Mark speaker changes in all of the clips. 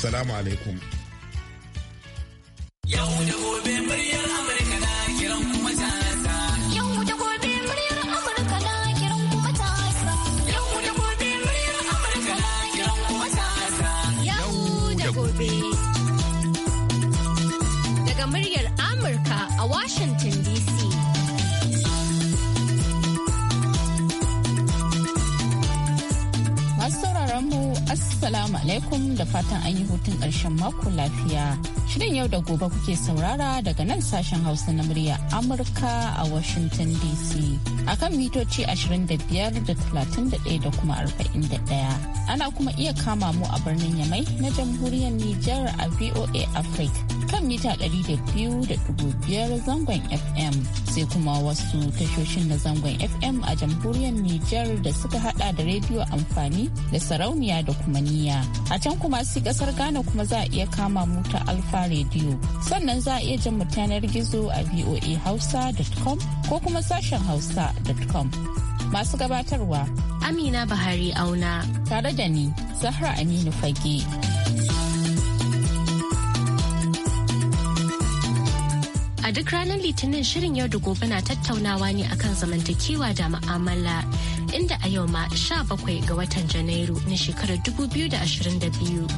Speaker 1: Salamu alaikum.
Speaker 2: Yau da gobe muryar
Speaker 3: alaikum da fatan an yi hutun ƙarshen mako lafiya. Shirin yau da gobe kuke saurara daga nan sashen Hausa na murya Amurka a Washington DC. Akan mitoci 25 da 31 da kuma 41. Ana kuma iya kama mu a birnin Yamai na jamhuriyar Nijar a VOA Africa. kan mita 200.5 zangon FM sai kuma wasu tashoshin na zangon FM a jamhuriyar Nijar da suka hada da rediyo amfani da sarauniya da kuma niya. A can kuma su kasar Ghana kuma za a iya kama mu ta Alfa rediyo Sannan za a iya jan mutanar gizo a voahausa.com ko kuma sashen hausa.com. Masu
Speaker 4: gabatarwa Amina Bahari Auna. Tare da ni, Zahra Aminu Fage. A duk ranar Litinin shirin yau da gobe na tattaunawa ne akan zamantakewa da ma'amala inda a yau ma 17 ga watan Janairu na shekarar 2022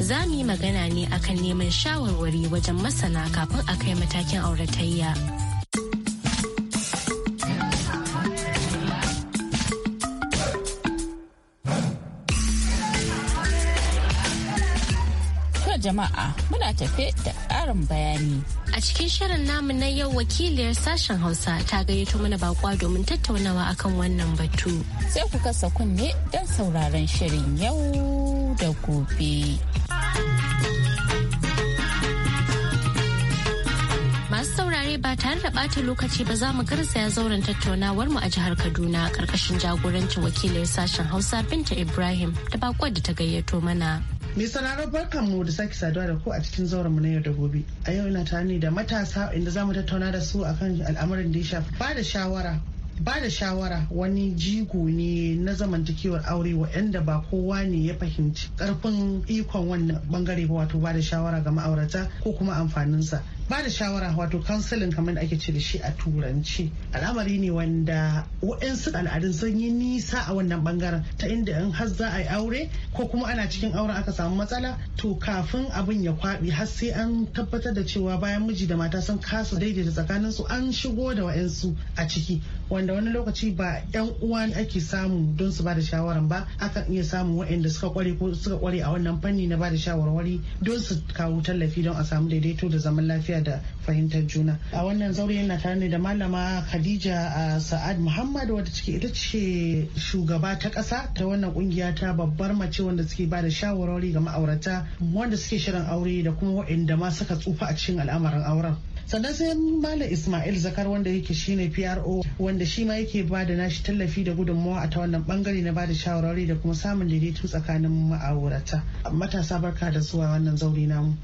Speaker 4: za mu yi magana ne akan neman shawarwari wajen masana kafin a kai matakin auratayya. jama'a muna tafe da ƙarin bayani. A cikin shirin namu na yau wakiliyar sashen Hausa ta gayyato mana bakwa domin tattaunawa akan wannan batu. Sai ku kasa kunne don sauraron shirin
Speaker 3: yau da gobe.
Speaker 4: masu saurare ba tare da ɓata lokaci ba za mu garzaya zauren tattaunawar mu a jihar Kaduna karkashin jagorancin wakilin sashen Hausa Binta Ibrahim da bakwar da ta gayyato mana.
Speaker 5: Mai sauraron barkan mu da sake saduwa da ku a cikin zauren mu na yau da gobe. A yau ina tare ne da matasa inda zamu tattauna da su akan al'amarin da ya shafi ba da shawara ba da shawara wani jigo ne na zamantakewar aure waɗanda ba kowa ne ya fahimci karfin ikon wannan bangare ba wato ba da shawara ga ma'aurata ko kuma amfaninsa ba da shawara wato kansilin kamar da ake ce da shi a turanci al'amari ne wanda wa'insu al'adun sun yi nisa a wannan bangaren ta inda in har za a yi aure ko kuma ana cikin auren aka samu matsala to kafin abin ya kwabi har sai an tabbatar da cewa bayan miji da mata sun kasa daidaita tsakanin su an shigo da wa'yansu a ciki wanda wani lokaci ba yan uwa ake samu don su ba da shawaran ba akan iya samun wa'inda suka kware ko suka kware a wannan fanni na ba da shawarwari don su kawo tallafi don a samu daidaito da zaman lafiya lafiya da fahimtar juna a wannan zaure yana tare ne da malama khadija sa'ad muhammad wadda take ita ce shugaba ta ƙasa ta wannan kungiya ta babbar mace wanda suke ba da shawarwari ga ma'aurata wanda suke shirin aure da kuma waɗanda ma suka tsufa a cikin al'amarin auren sannan sai malam ismail zakar wanda yake shine pro wanda shi ma yake ba da nashi tallafi da gudunmawa a ta wannan bangare na ba da shawarwari da kuma samun daidaito tsakanin ma'aurata matasa barka da zuwa wannan zauri namu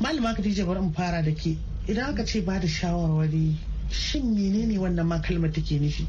Speaker 5: malama khadija bari in fara da ke idan aka ce ba da shawarwari shin menene wannan ma kalmar take nufi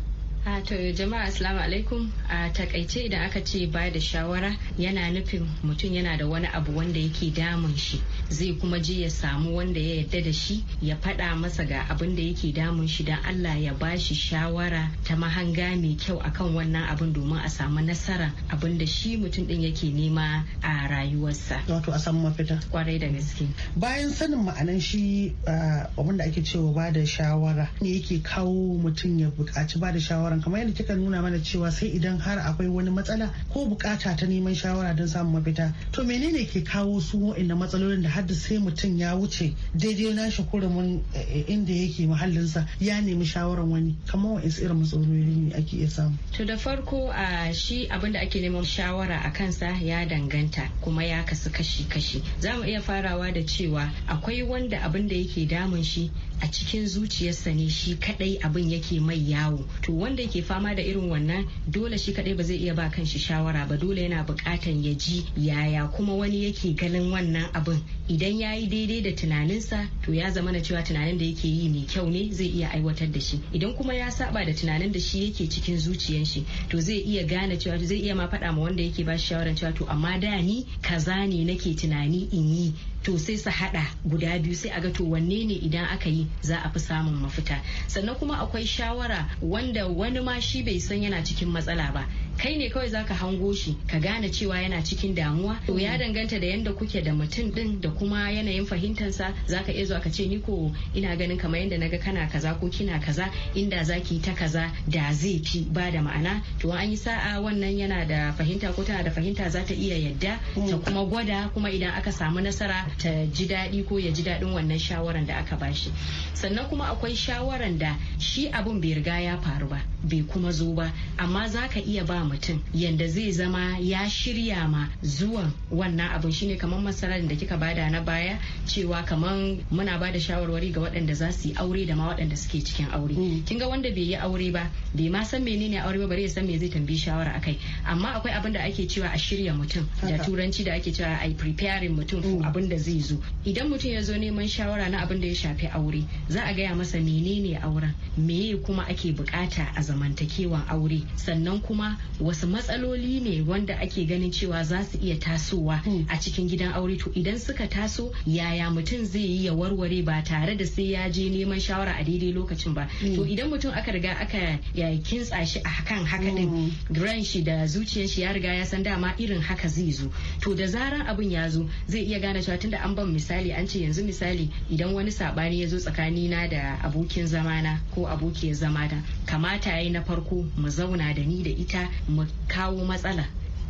Speaker 6: A to jama'a assalamu alaikum a takaice idan aka ce ba da shawara yana nufin mutum yana da wani abu wanda yake damun shi zai kuma je ya samu wanda ya yadda da shi ya faɗa masa ga abin da yake damun shi don Allah ya ba shi shawara ta mahanga mai kyau akan wannan abin domin a samu nasara abin da shi mutum din yake nema a
Speaker 5: rayuwarsa. Wato a samu mafita. Kwarai da gaske. Bayan sanin ma'anan shi ah, abin da ake cewa ba da shawara ne yake kawo mutum ya buƙaci ba da shawara shawaran kamar yadda kika nuna mana cewa sai idan har akwai wani matsala ko bukata ta neman shawara don samun mafita to menene ke kawo su wa'annan matsalolin da har sai mutum ya wuce daidai na nashi kurumin eh, eh, inda yake muhallinsa ya nemi shawaran wani kamar wa'insu irin matsaloli ne ake iya samu
Speaker 6: to da farko a shi abin da ake neman shawara a kansa ya danganta kuma ya kasu kashi-kashi za mu iya farawa da cewa akwai wanda abin da yake damun shi a cikin zuciyarsa ne shi kadai abin yake mai yawo to wanda da ke fama da irin wannan dole shi kadai ba zai iya ba kanshi shawara ba dole yana bukatan ya ji yaya kuma wani yake ganin wannan abin idan ya yi daidai da tunaninsa to ya zama na cewa tunanin da yake yi mai kyau ne zai iya aiwatar da shi idan kuma ya saba da tunanin da shi yake cikin zuciyan shi to zai iya gane cewa zai iya ma faɗa ma wanda yake ba shi shawaran cewa to amma da ni kaza ne nake tunani in yi to sai su hada guda biyu sai a ga to wanne ne idan aka yi za a fi samun mafita sannan kuma akwai shawara wanda wani ma shi bai san yana cikin matsala ba kai ne kawai zaka hango shi ka gane cewa yana cikin damuwa to ya mm. danganta da yanda kuke da mutum din da kuma yanayin fahimtansa zaka iya zuwa ka ce ni ko ina ganin kamar yanda naga kana kaza ko kina kaza inda zaki ta kaza da zai fi ba da ma'ana to an yi sa'a wannan yana da fahimta ko tana da fahimta za ta iya yadda mm. ta kuma gwada kuma idan aka samu nasara ta ji daɗi ko ya ji daɗin wannan shawaran da aka bashi sannan kuma akwai shawaran da shi abun bai riga ya faru ba bai kuma zo ba amma zaka iya ba mutum yadda zai zama ya shirya ma zuwan wannan abin shine kamar masarar da kika bada na baya cewa kamar muna bada shawarwari ga waɗanda za su yi aure da ma waɗanda suke cikin aure mm. kin ga wanda bai yi aure ba bai ma san menene aure ba bare ya san me zai tambayi shawara akai amma akwai abin da ake cewa a shirya mutum da turanci da ake cewa ai preparing mutum for mm. abin da zai zo idan mutum ya zo neman shawara na abin da ya shafi aure za a gaya masa menene auren meye kuma ake bukata a zamantakewan aure sannan kuma wasu matsaloli ne wanda ake ganin cewa za su iya tasowa hmm. a cikin gidan aure to idan suka taso yaya mutum zai yi ya warware ba tare da sai ya je neman shawara a daidai lokacin ba hmm. to idan mutum aka riga aka ya kintsa shi a kan haka din hmm. ran shi da zuciyar shi ya riga ya san dama irin haka zai zo to da zaran abin ya zo zai iya gane cewa tunda an ban misali an ce yanzu misali idan wani sabani ya zo tsakani na da abokin zamana ko abokiyar zamana kamata yayi na farko mu zauna da ni da ita mu kawo matsala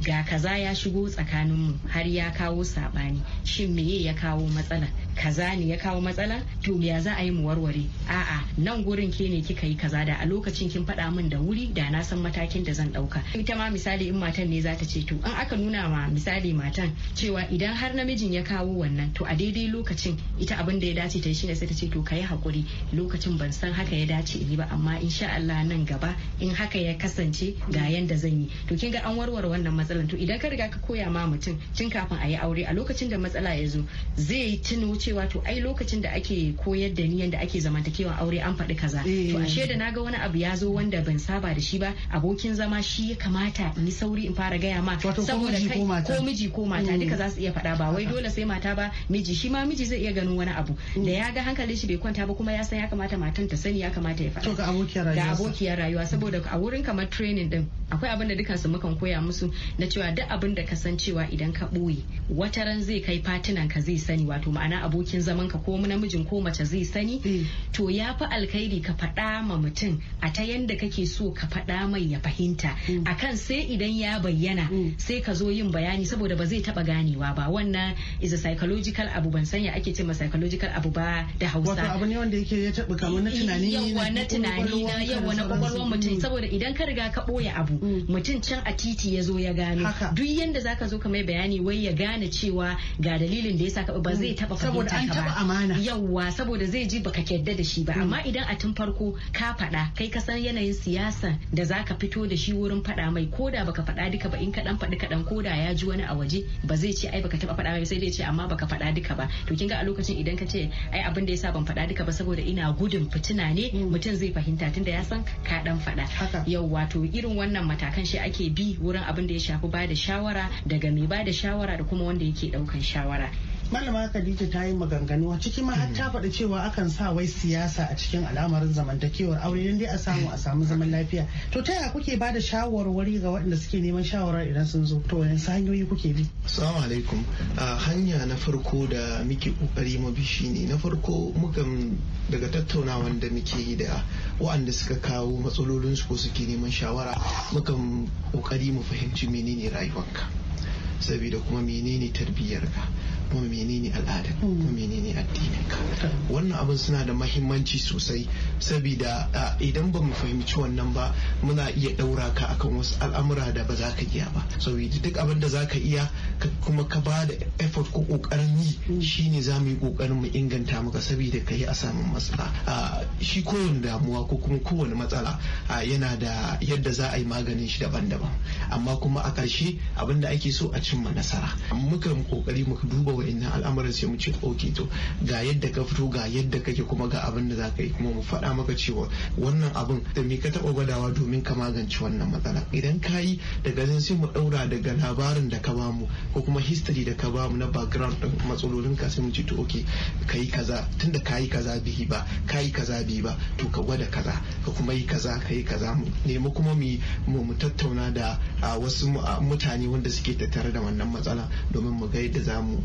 Speaker 6: ga kaza ya shigo tsakaninmu har ya kawo saɓani shin meye ya kawo matsala kaza ne ya kawo matsala to ya za a yi mu warware a'a nan gurin ke ne kika yi kaza da a lokacin kin faɗa min da wuri da na san matakin da zan ɗauka ita ma misali in matan ne za ta ce to in aka nuna ma misali matan cewa idan har namijin ya kawo wannan to a daidai lokacin ita abin da ya dace ta yi shine sai ta ce to ka yi hakuri lokacin ban san haka ya dace in ba amma insha Allah nan gaba in haka ya kasance ga yanda zan yi to kin ga an warware wannan matsalan to idan ka riga ka koya ma mutum tun kafin a yi aure a lokacin da matsala ya zo zai tuno cewa to ai lokacin da ake koyar da ni yadda ake zamantakewa aure an faɗi kaza eh. to ashe da naga wani abu ya zo wanda ban saba da shi ba abokin zama shi ya kamata in yi sauri in fara gaya ma saboda kai ko miji ko mata mm. duka za su iya faɗa ba wai dole sai mata ba miji shi ma miji zai iya ganin wani abu da mm. ya ga hankalin shi bai kwanta ba kuma ya san ya kamata matan ta sani ya kamata ya faɗa ga abokiyar rayuwa saboda a wurin kamar training din akwai abin da dukansu mukan koya musu na cewa duk abin da ka san cewa idan ka ɓoye wataran zai kai fatinan ka zai sani wato ma'ana abu. abokin zaman ka ko namijin ko mace zai sani mm. to ya fi alkhairi ka faɗa ma mutum a ta yanda kake so ka faɗa mai ya fahimta mm. akan sai idan ya bayyana mm. sai ka zo yin bayani saboda ba zai taba ganewa ba wannan is a psychological abu ban sanya ake ce ma psychological abu ba da Hausa wato abu ne wanda yake ya taba kamar na tunani yawa na tunani na yawa na kwakwalwar mutum saboda idan ka riga ka boye abu mutum can a titi ya zo ya gano duk yanda zaka zo ka mai bayani wai ya gane cewa ga dalilin da ya ka ba zai taba fahimta an taɓa amana yawwa saboda zai ji baka kyadda da shi ba mm. amma idan a tun farko ka faɗa kai ka san yanayin siyasa da zaka fito da shi wurin faɗa mai koda baka faɗa duka ba in ka dan faɗi kaɗan ko da ya ji wani a waje ba zai ce ai baka taba faɗa mai sai dai ce amma baka faɗa duka ba to kin ga a lokacin idan ka ce ai abin da yasa ban faɗa duka ba saboda ina gudun fitina ne mm. mutum zai fahimta tunda ya san ka ɗan faɗa yawwa to irin wannan matakan shi ake bi wurin abin da ya shafi ba da shawara daga mai ba da shawara da kuma wanda yake
Speaker 5: daukan shawara malama khadija ta yi maganganu a ciki ma har ta faɗi cewa akan sa wai siyasa a cikin al'amarin zamantakewar aure Idan dai a samu a samu zaman lafiya to ta yaya kuke bada shawarwari ga waɗanda suke neman shawara idan sun zo to wani hanyoyi kuke bi
Speaker 1: assalamu alaikum hanya na farko da muke kokari mu bi shine na farko mukan daga tattaunawan da muke yi da waɗanda suka kawo matsalolin su ko suke neman shawara mukan kokari mu fahimci menene rayuwarka saboda kuma menene tarbiyyarka kuma menene al'ada hmm. kuma menene addininka wannan abin suna da mahimmanci sosai saboda idan ba mu fahimci wannan ba muna iya ɗaura ka akan wasu al'amura da ba za ka iya ba saboda duk abin da za ka iya kuma ka ba da effort ko ƙoƙarin yi hmm. shine za mu yi ƙoƙarin mu inganta maka saboda ka yi a samun matsala shi kowane damuwa ko kuma kowane matsala yana da yadda za a yi maganin shi daban-daban amma kuma a ƙarshe abin da ake so a cimma nasara mukan kokari mu duba wa'annan al'amuran sai mu ce ok to ga yadda ka fito ga yadda kake kuma ga abin da za ka yi kuma mu faɗa maka cewa wannan abin da me ka taɓa gwadawa domin ka magance wannan matsala idan ka yi daga zan sai mu ɗaura daga labarin da ka bamu ko kuma history da ka bamu na background ɗin matsalolin ka sai mu ce to ok ka yi kaza tunda ka yi kaza bihi ba ka yi kaza bihi ba to ka gwada kaza ka kuma yi kaza ka yi kaza mu nemi kuma mu tattauna da wasu mutane wanda suke tattare da wannan matsala domin mu ga yadda za mu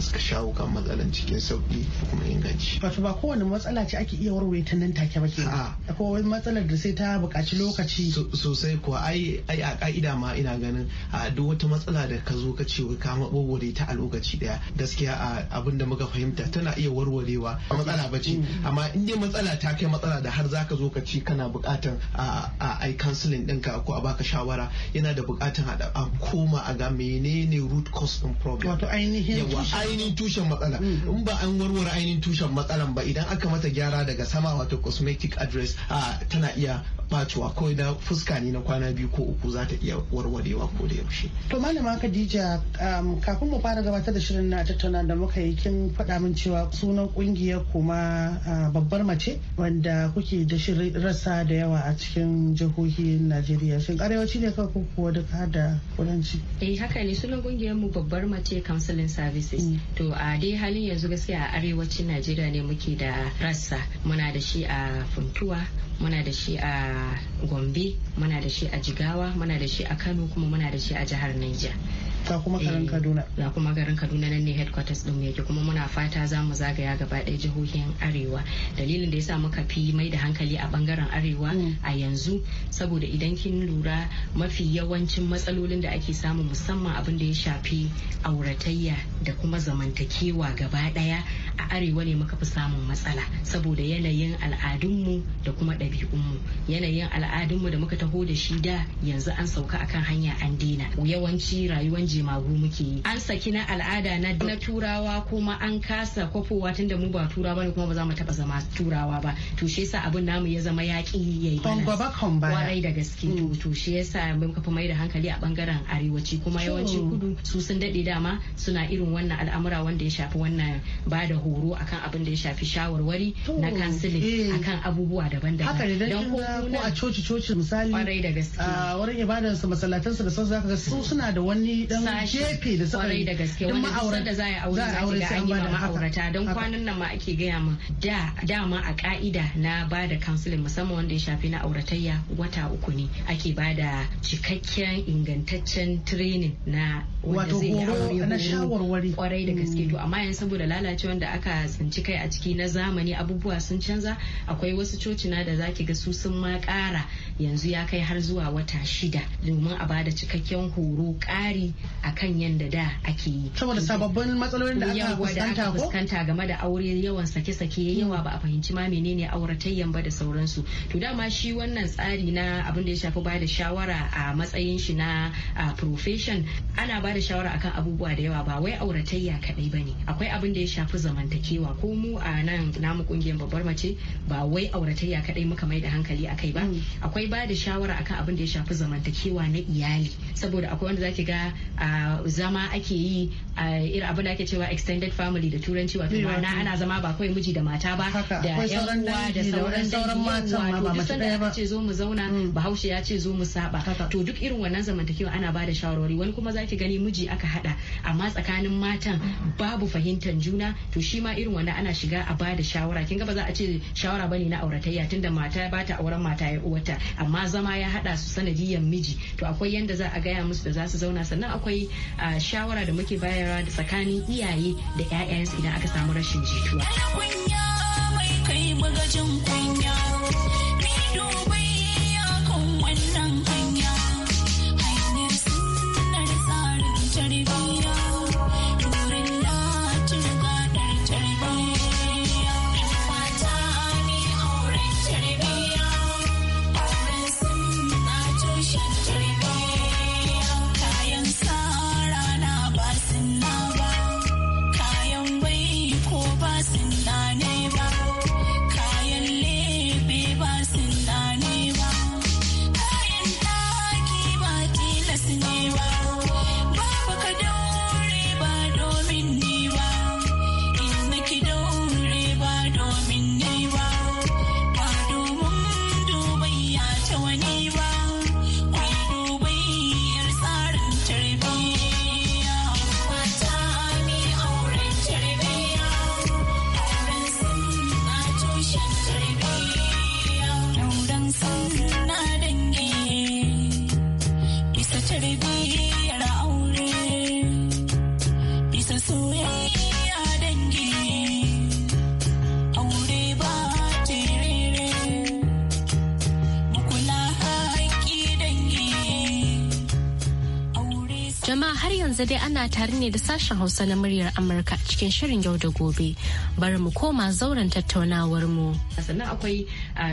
Speaker 1: suka shawo kan matsalan cikin sauki kuma inganci.
Speaker 5: Wato ba kowane matsala ce ake
Speaker 1: iya warware ta nan take ba ke akwai matsalar da sai ta buƙaci lokaci. Sosai kuwa ai a ka'ida ma ina ganin a duk wata matsala da ka zo ka ce ka maɓogore ta a lokaci ɗaya gaskiya abin da muka fahimta tana iya warwarewa matsala ba ce mm. amma in dai matsala ta kai matsala da har za ka zo ka ce kana buƙatar a ai counseling ɗinka ko a baka shawara yana da buƙatar a koma a ga menene root cause ɗin problem. Wato ainihin ainihin tushen matsala in ba an warware ainihin tushen matsalan ba idan aka mata gyara daga sama wato cosmetic address a tana iya bacewa ko na fuska ne na kwana biyu ko uku za ta iya warwarewa ko da yaushe.
Speaker 5: To malama Khadija um, kafin mu fara gabatar da shirin na tattauna da muka yi kin faɗa min cewa sunan kungiyar kuma babbar mace wanda kuke da shirin rasa da yawa a cikin jihohin Najeriya shin arewaci ne kawai ko kuwa duka da kudanci.
Speaker 6: Eh haka ne sunan kungiyar mu babbar mace counseling service Mm. to a dai halin yanzu gaskiya a arewacin najeriya ne muke da rassa muna da shi a funtuwa muna da shi a gombe muna da shi a jigawa muna da shi a kano kuma muna da shi a jihar niger ga kuma garin eh, kaduna ga kuma garin kaduna nan ne headquarters din yake kuma muna fata za mu zagaya gaba ɗaya jihohin arewa dalilin da ya sa muka fi mai da hankali a bangaren arewa mm. a yanzu saboda idan kin lura mafi yawancin matsalolin da ake samu musamman abin da ya shafi auratayya da kuma zamantakewa gaba ɗaya a arewa ne muka fi samun matsala saboda yanayin al'adunmu da kuma ɗabi'unmu yanayin al'adunmu da muka taho da shi da yanzu an sauka akan hanya an daina yawanci rayuwar jimagu muke yi an saki na al'ada na na turawa kuma an kasa kwafowa da mu ba turawa ne kuma ba za mu taba zama turawa ba to shi yasa abin namu ya zama yaƙi ya yayi
Speaker 5: kwarai
Speaker 6: da gaske mm. to shi yasa muka kafa mai da hankali a bangaren arewaci kuma yawancin kudu su sun dade dama suna irin wannan al'amura wanda ya shafi wannan ba da horo akan abin da ya shafi shawarwari na kansilin eh. akan
Speaker 5: abubuwa daban-daban don ko a coci coci misali kwarai da gaske a wurin ibadansu masallatansu da sauransu zaka ga su suna da wani dan gefe da suka yi da gaske wanda ma'aurata da za a aure za a ga an yi ma'aurata
Speaker 6: don kwanan nan ma ake gaya ma da dama a ka'ida na ba da counseling musamman wanda ya shafi na auratayya wata uku ne ake ba da cikakken ingantaccen training na wanda zai yi aure na kwarai da gaske mm. to amma yanzu saboda lalacewar da aka tsinci kai a ciki na zamani abubuwa sun canza akwai wasu cocina da zaki ga su sun ma kara yanzu ya kai har zuwa wata shida domin a bada cikakken horo kari akan yadda da ake yi. Saboda sababbin matsalolin da aka fuskanta ko? fuskanta game da aure yawan sake-sake yawa ba a fahimci ma menene auratayyan ba da sauransu. To dama shi wannan tsari na abin da ya shafi bada shawara a matsayin shi na profession ana bada shawara akan abubuwa da yawa ba wai auratayya kadai ba ne. Akwai abin da ya shafi zamantakewa ko mu a nan namu kungiyar babbar mace ba wai auratayya kadai muka mai da hankali akai ba. Mm. Akwai akwai ba da shawara akan abin da ya shafi zamantakewa na iyali saboda akwai wanda zaki ga zama ake yi irin abin da ake cewa extended family da turanci wato ma'ana ana zama ba kawai miji da mata ba da yan uwa da sauran sauran mata ba ba ce zo mu zauna mm. bahaushe ya ce zo mu saba to duk irin wannan zamantakewa ana ba da shawarwari wani kuma zaki gani miji aka hada amma tsakanin matan babu fahimtar juna to shi ma irin wannan ana shiga a ba shawara kin ga ba za a ce shawara bane na auratayya tunda mata ba ta auren mata ya uwata amma zama ya haɗa su sanadiyan miji to akwai yanda za a gaya musu da za su zauna sannan akwai ah, shawara da muke bayarwa da tsakanin iyaye da 'ya'yansu idan aka samu rashin jituwa.
Speaker 4: yanzu dai ana tare ne da sashen Hausa na muryar Amurka cikin shirin yau da gobe. Bari mu koma zauren tattaunawar mu.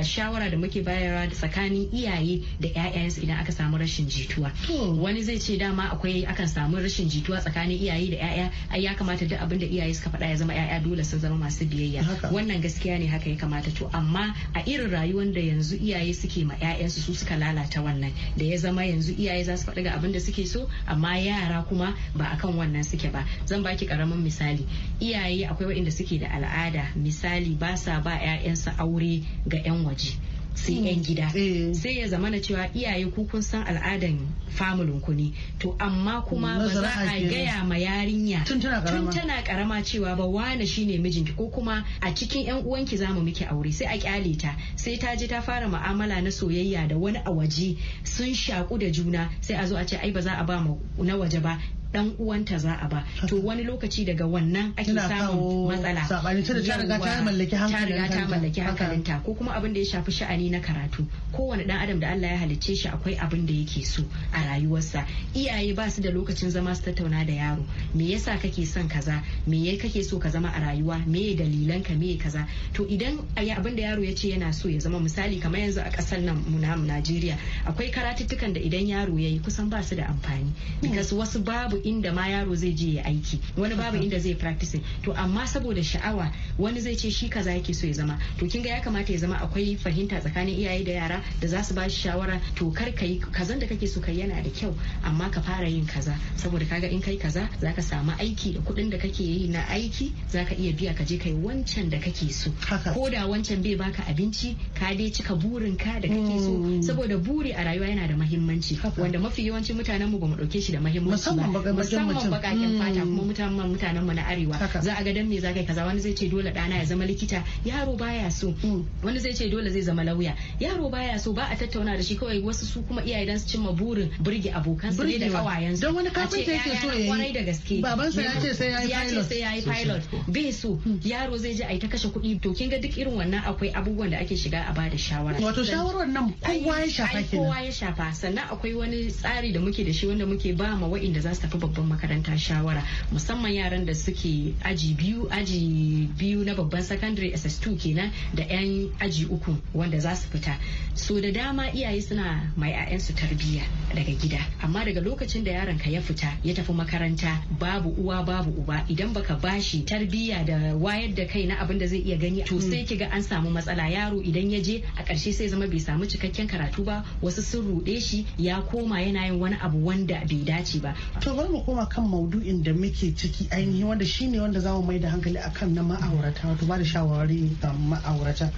Speaker 4: shawara da muke bayarwa tsakanin iyaye da 'ya'yansu idan aka samu
Speaker 6: rashin jituwa hmm. wani zai ce dama akwai akan samu rashin jituwa tsakanin iyaye da 'ya'ya ai ya kamata duk abin da iyaye suka faɗa ya zama 'ya'ya dole su zama masu biyayya wannan gaskiya ne haka ya kamata to amma a irin rayuwar da yanzu iyaye suke ma 'ya'yansu su suka lalata wannan da ya zama yanzu iyaye za su faɗi ga abin da suke so amma yara kuma ba akan wannan suke ba zan baki karamin misali iyaye akwai waɗanda suke da al'ada misali ba sa ba 'ya'yansu aure ga 'yan 'yan waje sai 'yan gida eh. sai ya zamana cewa iyaye ku kun san al'adan familin ku ne to amma kuma ba za a gaya ma yarinya tun tana karama cewa ba wane shine mijinki ko kuma a cikin 'yan uwanki zamu miki aure sai a kyale ta sai ta je ta fara mu'amala na soyayya da wani a waje sun shaku da juna sai a zo a ce ai ba za a ba mu na waje ba dan uwanta za a ba to wani lokaci daga wannan ake samun matsala ta riga ta mallaki hankalinta ko kuma abin da ya shafi sha'ani na karatu kowane dan adam da Allah ya halicce shi akwai abin da yake so a rayuwarsa iyaye ba su da lokacin zama su tattauna da yaro me yasa kake son kaza me ya kake so ka zama a rayuwa me dalilan ka me kaza to idan abin da yaro ya ce yana so ya zama misali kamar yanzu a kasar nan mu Najeriya akwai karatuttukan da idan yaro yayi kusan ba su da amfani hmm. because wasu babu inda ma yaro zai je ya aiki wani babu inda zai practice to amma saboda sha'awa wani zai ce shi kaza yake so ya zama to kinga ya kamata ya zama akwai fahimta tsakanin iyaye da yara da za su ba shi shawara to kar ka yi kazan da kake so kai yana da kyau amma ka fara yin kaza saboda kaga in kai kaza zaka samu aiki da kuɗin da kake yi na aiki zaka iya biya ka je kai wancan da kake so ko da wancan bai baka abinci ka dai cika burin ka da kake so mm. saboda buri a rayuwa yana da mahimmanci wanda mafi yawancin mutanen mu bamu dauke shi da mahimmanci ba musamman bakaken mm. fata kuma musamman mutanen mu na arewa za a ga dan me za kai kaza wani zai ce dole dana ya zama likita yaro baya so mm. wani zai ce dole zai zama lauya yaro baya so ba a tattauna da shi kawai wasu su kuma iyaye dan su cimma burin burge abokan su da kawayen su don wani kafinta yake so yayi kwarai da gaske baban sa ya ce sai ya yi pilot ya ce sai yayi pilot bai so mm. yaro zai je a yi ta kashe kuɗi to kin ga duk irin wannan akwai abubuwan da ake shiga a bada shawara wato shawarar
Speaker 5: nan kowa ya shafa kenan kowa
Speaker 6: ya shafa sannan akwai wani tsari da muke da shi wanda muke ba ma wa'inda za su shafi babban makaranta shawara musamman yaran da suke aji biyu aji biyu na babban secondary ss2 kenan da yan aji uku wanda za su fita so da dama iyaye suna mai 'ya'yansu tarbiyya daga gida amma daga lokacin da yaron ka ya fita ya tafi makaranta babu uwa babu uba idan baka bashi tarbiyya da wayar da kai na abin da zai iya gani to sai kiga an samu matsala yaro idan ya je a ƙarshe sai zama bai samu cikakken karatu ba wasu sun ruɗe shi ya koma yana yin wani abu wanda bai dace ba
Speaker 5: bari mu koma kan maudu'in da muke ciki ainihi wanda shi ne wanda za mu mai da hankali akan na ma'aurata wato ba da shawarwari ga ma'aurata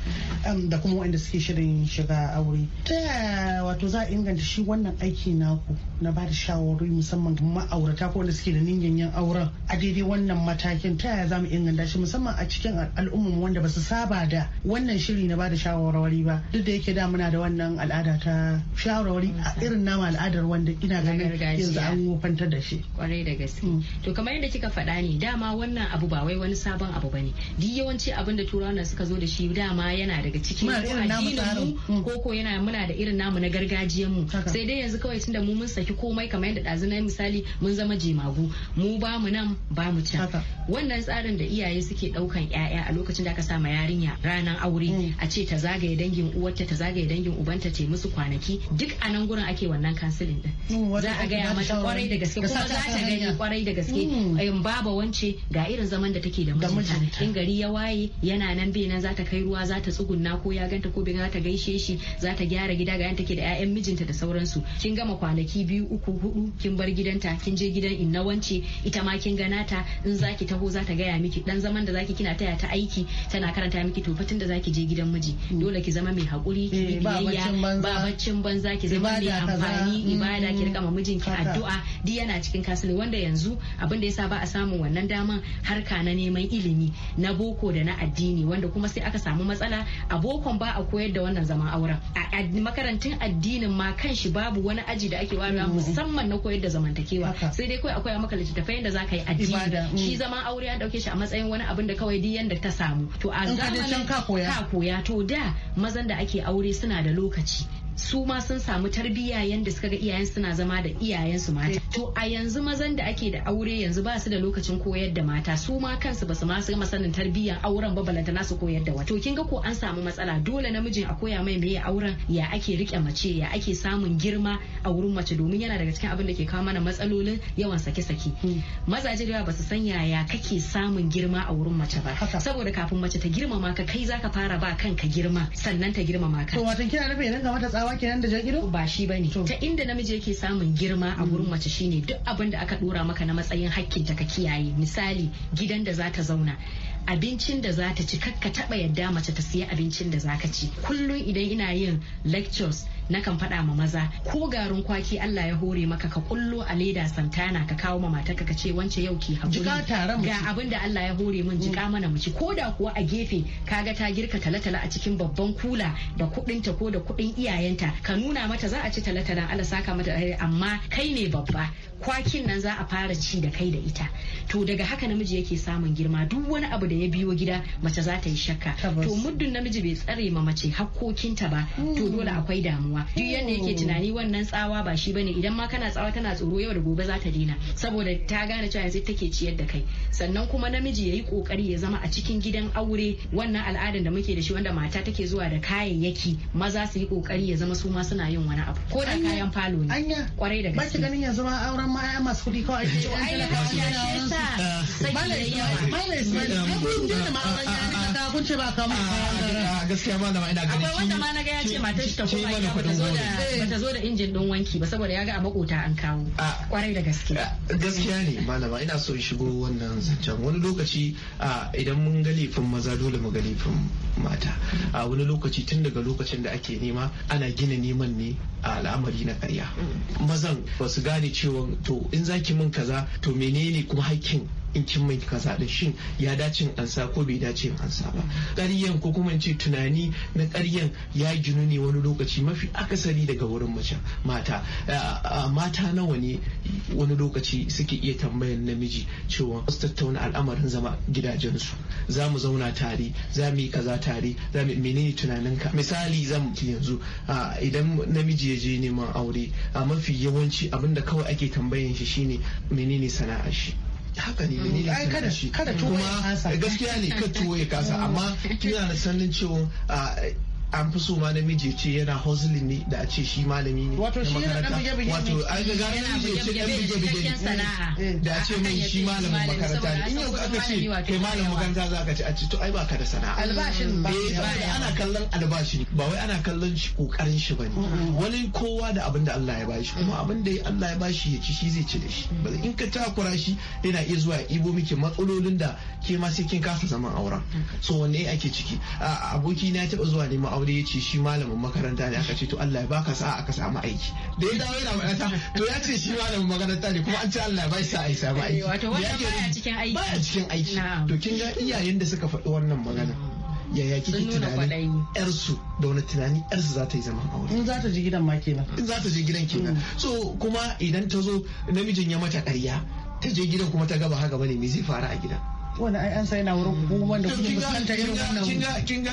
Speaker 5: um, da kuma wanda suke shirin shiga aure ta wato za a inganta shi wannan aiki naku na ba da shawarwari musamman ga ma'aurata ko wanda suke da niyyan auren a daidai wannan matakin ta yaya za mu inganta shi musamman a cikin al'ummar wanda ba su saba da wannan shiri na ba da shawarwari ba duk da yake da muna da wannan al'ada ta shawarwari a mm. irin nama al'adar wanda ina ganin yanzu an wofantar da shi gaske
Speaker 6: kwarai da gaske mm. to kamar yadda kika faɗa ne dama wannan abu ba wai wani sabon abu bane duk yawanci abin da turawa suka zo da shi dama yana daga cikin addinin mu mm. ko yana muna da irin namu na gargajiyan mu sai dai yanzu kawai tunda mu mun saki komai kamar yadda dazu na misali mun zama jemagu mu ba mu nan ba mu can wannan tsarin da iyaye suke daukan 'ya'ya a lokacin da aka ma yarinya ranar aure mm. a ce ta zagaye dangin uwarta ta zagaye dangin ubanta ta musu kwanaki duk a nan gurin ake wannan kansilin
Speaker 4: din za a gaya mata kwarai da gaske za ta gani kwarai da gaske in
Speaker 6: mm. baba wance ga irin zaman da take da mijinta in gari ya waye yana nan bai nan za ta kai ruwa za ta tsugunna ko ya ganta ko bai ta gaishe shi za ta gyara gida ga yan take da 'ya'yan mijinta da sauransu kin gama kwanaki biyu uku hudu kin bar gidanta kin je gidan inna wance ita ma kin ganata nata in zaki taho za ta gaya miki dan zaman da zaki kina taya ta aiki tana karanta miki to fatin da zaki je gidan miji mm. dole ki zama mai hakuri ki eh, biyayya ba baccin banza ki zama mai amfani mm. ibada ki rika ma mijinki addu'a duk yana cikin cikin kasile wanda yanzu abin da yasa ba a samun wannan daman harka na neman ilimi na boko da na addini wanda kuma sai aka samu matsala a bokon ba a koyar da wannan zaman auren a makarantun addinin ma kan shi babu wani aji da ake warewa mm. musamman na koyar da zamantakewa sai dai kawai akwai maka littattafai yadda ka yi addini mm. shi zaman aure an dauke shi a matsayin wani abin da kawai duk yanda ta samu to a zamanin ka koya to da mazan da ake aure suna da lokaci su ma sun samu tarbiyya yanda suka ga iyayen suna zama da iyayen su mata to a yanzu mazan da ake da aure yanzu ba su da lokacin koyar da mata su ma kansu su ma gama sanin tarbiyyar auren ba na su koyar da wata to kin ga ko an samu matsala dole namijin a koya mai meye auren ya ake rike mace ya ake samun girma a wurin mace domin yana daga cikin abin da ke kawo mana matsalolin yawan sake-sake mazaje da ba su san yaya kake samun girma a wurin mace ba saboda kafin mace ta girmama ka kai zaka fara ba kanka girma sannan ta girmama ka to wato
Speaker 5: kina nufin idan ga mata kulawa kenan da jan ido ba shi bane ta inda namiji yake
Speaker 6: samun girma a gurin mm. mace shine duk abin da aka dora maka na matsayin hakkin ta ka kiyaye misali gidan da za ta zauna abincin da za ta ci kakka taba yadda mace ta siya abincin da za ka ci kullum idan ina yin lectures Na kan faɗa ma maza ko garin kwaki Allah ya hore maka ka kullo a leda santana ka kawo ma matarka ka ce wance yau ke hakuri ga abin da Allah ya hore min jika mm. mana mu ci ko da kuwa a gefe kaga ta girka talatala a cikin babban kula da kuɗin ta ko da kuɗin iyayenta ka nuna mata za a ci talatalan Allah saka mata amma kai ne babba kwakin nan za a fara ci da kai da ita to daga haka namiji yake samun girma duk wani abu da ya biyo gida mace za ta yi shakka to muddin namiji bai tsare ma mace hakkokinta ba to mm. dole akwai damuwa damuwa duk yadda yake hmm. tunani wannan tsawa ba shi bane idan ma kana tsawa tana tsoro yau da gobe za ta daina saboda ta gane cewa yanzu take ciyar da kai sannan kuma namiji yayi kokari ya zama a cikin gidan aure wannan al'adar da muke da shi wanda mata take zuwa da kayayyaki maza su yi kokari ya zama su ma suna yin wani abu ko da kayan falo ne
Speaker 5: kwarai da gaske ganin yanzu ma auren ma ai masu kudi kawai ake yi ai da gaskiya
Speaker 6: malama ina ganin shi akwai wanda ma na ga ya ce matar shi ta kuma ya bata zo da injin ɗin wanki ba saboda ya ga a makota an kawo kwarai da gaske
Speaker 1: gaskiya ne malama ina so shigo wannan zancen wani lokaci idan mun ga laifin maza dole mu ga laifin mata a wani lokaci tun daga lokacin da ake nema ana gina neman ne a al'amari na karya mm. mazan ba su gane cewa to in zaki min kaza to menene kuma hakkin in cin mai kaza da shin ya dace in ansa ko bai dace in ansa ba ƙaryan ko kuma in ce tunani na ƙaryan ya ginu ne wani lokaci mafi akasari daga wurin mace mata mata nawa ne wani lokaci suke iya tambayan namiji cewa Wasu tattauna al'amarin zama gidajensu za mu zauna tare za mu yi kaza tare za mu menene tunaninka misali zan yanzu idan namiji ya je neman aure a mafi yawanci abinda kawai ake tambayan shi shine menene sana'a shi haka ne ne mm. ai kada kada tuwo ya kasa gaskiya ne kada tuwo ya kasa amma kina da sanin cewa ah, an fi so ma namiji ce yana hustling ne da a ce shi malami ne wato shi yana dan bige bige wato an ga ga namiji ce dan bige bige eh, da a ce mai shi malamin makaranta ne in yau aka ce kai malamin makaranta za ka ce a ce to ai baka da sana'a mm. albashin ba eh, ana kallon albashi ba wai ana kallon shi kokarin shi bane wani kowa da abin da Allah ya bashi kuma abin da Allah ya bashi ya ci shi zai ci da shi mm. in ka takura shi yana iya zuwa ibo miki matsalolin da ke ma sai kin kasa zaman auren mm. so wanne ake ciki aboki na taba zuwa neman aure ya ce shi malamin makaranta ne aka ce to Allah ya baka sa'a aka samu aiki da ya dawo yana makaranta to ya ce shi malamin makaranta ne kuma an ce Allah ya shi sa'a ya samu aiki eh, wato wannan baya
Speaker 2: cikin aiki baya
Speaker 1: cikin aiki to kin ga iyayen da suka faɗi wannan magana mm. yaya kike tunanin yarsu da wani tunani yarsu za ta yi zaman aure in za ta je gidan ma kenan in za ta je gidan kenan mm. so kuma idan ta zo namijin ya mata ƙarya ta je gidan kuma ta gaba haka bane me zai fara a gidan
Speaker 5: wani ai an sai na wurin hukumar da kuma fuskanta irin wannan kinga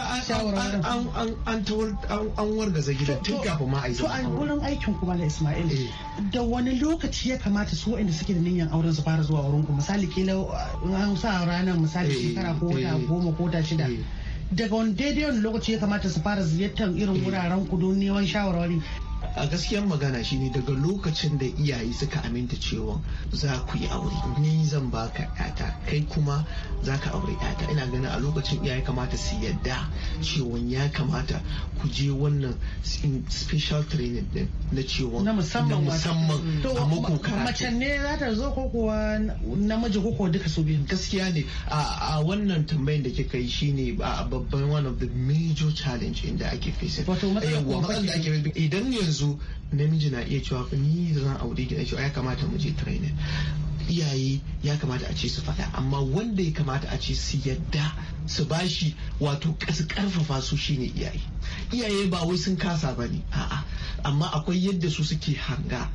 Speaker 1: an wargaza gidan tun kafin ma ai to a wurin
Speaker 5: aikin kuma da Ismail eh. da wani lokaci ya kamata su wanda suke da niyyar auren su fara zuwa wurin ku misali kila an sa ranar misali eh, shekara ko wata eh, goma ko wata shida daga wani daidai wani lokaci ya kamata su
Speaker 1: fara ziyartar irin wuraren ku don neman shawarwari a gaskiyar magana shine daga lokacin da iyaye suka aminta cewa za ku yi aure ni zan baka yata kai kuma za ka aure yata ina ganin a lokacin iyaye kamata su yadda cewa ya kamata ku je wannan special training din na cewa na musamman a muku karatu mace ne za ta zo ko kuwa namiji ko kuwa duka su biyu gaskiya ne a wannan tambayin da kika yi shine babban one of the major challenge inda ake fesa. wato matsalar da ake idan yanzu yanzu namiji na iya cewa ni zan aure gida cewa ya kamata mu je training iyaye ya kamata a ce su faɗa amma wanda ya kamata a ce su yadda su bashi wato su karfafa su shine iyaye iyaye ba wai sun kasa ba ne a'a amma akwai yadda su suke hanga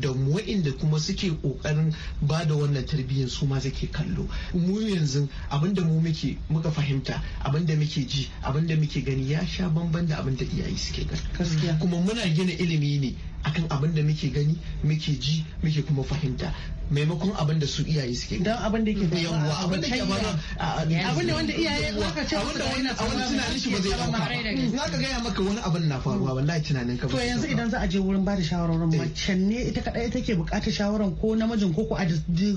Speaker 1: da wa'inda kuma suke kokarin ba da wannan tarbiyyar su ma suke kallo mu yanzu abinda mu muke muka fahimta abinda muke ji abinda muke gani ya sha bamban da abinda iyaye suke gani kuma muna gina ilimi ne akan abin da muke gani muke ji muke kuma fahimta maimakon abin da su iyaye suke dan abin da yake faruwa abin da yake faruwa abin da wanda iyaye zaka ce wanda wani a wani tunanin shi ba zai ba na ka gaya maka wani abin na faruwa wallahi tunanin ka to yanzu idan
Speaker 5: za a je wurin ba da shawarar eh. Mace ne ita
Speaker 1: kadai take bukata shawaran ko namijin ko ko a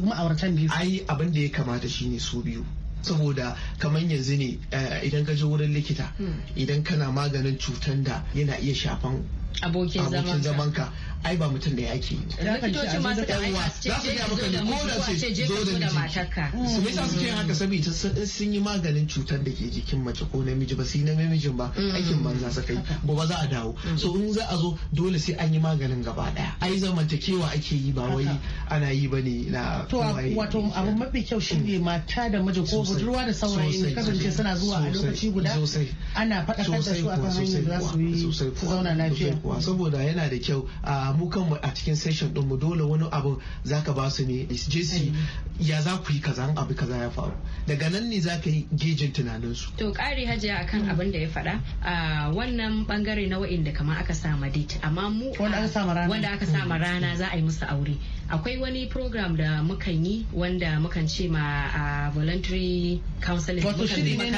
Speaker 1: ma'auratan biyu ai abin da ya kamata shine su biyu saboda kamar yanzu ne eh, idan ka je wurin likita hmm. idan kana maganin cutan da yana iya shafan abokin zamanka. ka ai ba mutum da ya ke likitoci ma suka aika su ce da mutuwa ce je ka zo da matarka su nisa mm. suke haka saboda sun yi maganin cutar da ke jikin mace ko namiji ba su yi na namijin ba mm. aikin banza suka yi ba za a dawo mm. so in za a zo dole sai an yi maganin gaba daya ai zamantakewa ake yi ba wai ana yi ba ne na to wato abu mafi kyau shi ne mata da miji ko budurwa da saurayi ne kasance suna zuwa a lokaci guda ana faɗakar da su a akan hanyar za su yi zauna lafiya Mm. saboda yana da kyau a mu kanmu a cikin session din mu dole wani abu zaka ba su ne JC mm. ya za ku yi kaza abu kaza ya faru daga nan ne zaka yi gejin tunanin su
Speaker 6: to kare haje akan abin da ya faɗa a wannan bangare na wa'inda kamar aka sama date amma mu wanda aka sama rana wanda aka sama rana za a yi musu aure akwai wani program da mukan yi wanda mukan ce ma a voluntary counseling wato shiri ne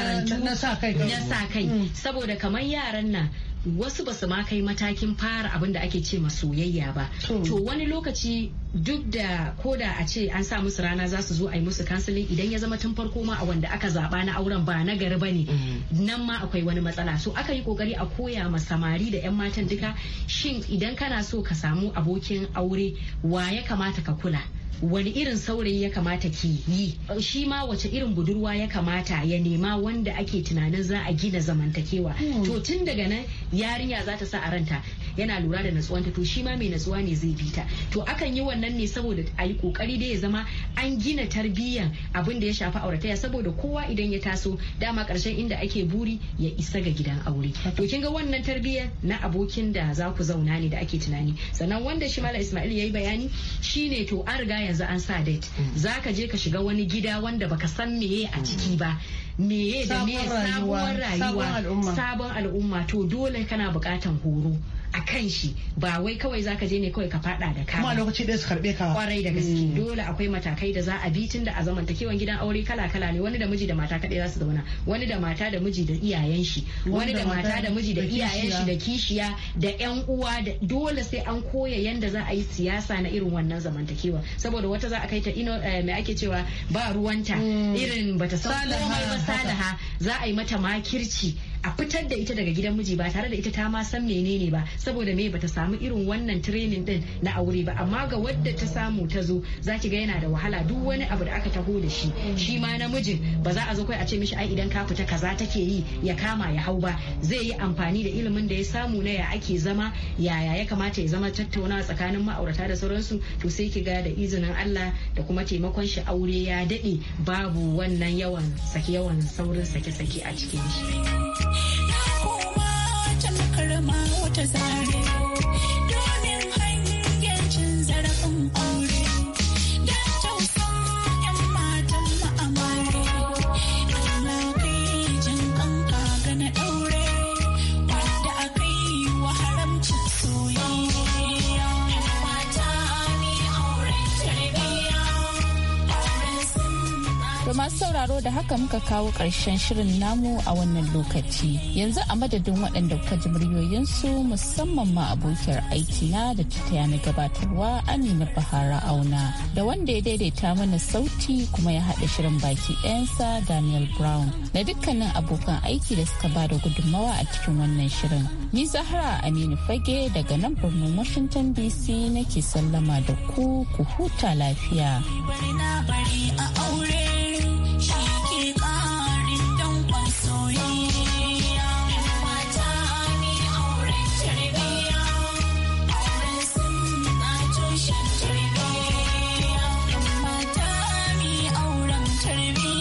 Speaker 6: na sa kai na sa kai mm. saboda kamar yaran nan wasu basu ma kai matakin fara abin da ake ce ma soyayya ba to wani lokaci duk da koda a ce an sa musu rana za su zo a yi musu kansilin idan ya zama tun farko ma a wanda aka zaba na auren ba na gari ba ne mm-hmm. nan ma akwai wani matsala so aka yi kokari a koya ma samari da 'yan matan duka shin idan kana so ka samu abokin aure wa ya kamata ka kula wani irin saurayi ya kamata ke yi shi ma wace irin budurwa ya kamata ya nema wanda ake tunanin za a gina zamantakewa hmm. to tun daga nan yarinya za ta sa a ranta yana lura da ta to shi ma mai natsuwa ne zai bi ta to akan yi wannan ne saboda a yi kokari dai ya zama an gina tarbiyyan abin da ya shafi aurataya saboda kowa idan ya taso dama karshen inda ake buri ya isa ga gidan aure to kin ga wannan tarbiyya na abokin da za ku zauna ne da ake tunani sannan wanda shi mala Ismail yi bayani shine to an riga yanzu an sa date mm. zaka je ka shiga wani gida wanda baka san meye a ciki ba meye da meye sabon rayuwa sabon al'umma to dole kana bukatan horo a kan shi ba wai kawai zaka je ne kawai ka fada da kama kuma lokaci
Speaker 5: ɗaya su karbe ka
Speaker 6: kwarai da gaske hmm. dole akwai matakai da za a bi tun da a zamantakewan gidan aure kala kala ne wani da miji da mata kaɗai za su zauna wani da mata da miji da iyayen shi wani da mata da miji da iyayen shi da kishiya da yan uwa da dole sai an koya yanda za a yi siyasa na irin wannan zamantakewa saboda wata za a kai ta ino eh, mai ake cewa ba ruwanta hmm. irin bata san komai ba salaha za a yi mata makirci a fitar da ita daga gidan miji ba tare da ita ta ma san menene ba saboda me bata samu irin wannan training din na aure ba amma ga wadda ta samu ta zo za ki ga yana da wahala duk wani abu da aka taho da shi shi ma namijin ba za a zo kai a ce mishi ai idan ka fita kaza take yi ya kama ya hau ba zai yi amfani da ilimin da ya samu na ya ake zama yaya ya kamata ya zama tattaunawa tsakanin ma'aurata da sauransu to sai ki ga da izinin Allah da kuma taimakon shi aure ya daɗe babu wannan yawan sake yawan saurin sake-sake a cikin shi. na
Speaker 2: kuma ta makarama wata zare
Speaker 3: sauraro da haka muka kawo ƙarshen shirin namu a wannan lokaci. Yanzu a madadin waɗanda kuka ji muryoyinsu musamman ma abokiyar aikina da ta na gabatarwa Amina Bahara Auna da wanda ya daidaita mana sauti kuma ya haɗa shirin baki ɗayansa Daniel Brown da dukkanin abokan aiki da suka ba da gudunmawa a cikin wannan shirin. Ni Zahra Aminu Fage daga nan birnin Washington DC nake sallama da ku ku huta lafiya.
Speaker 2: a aure.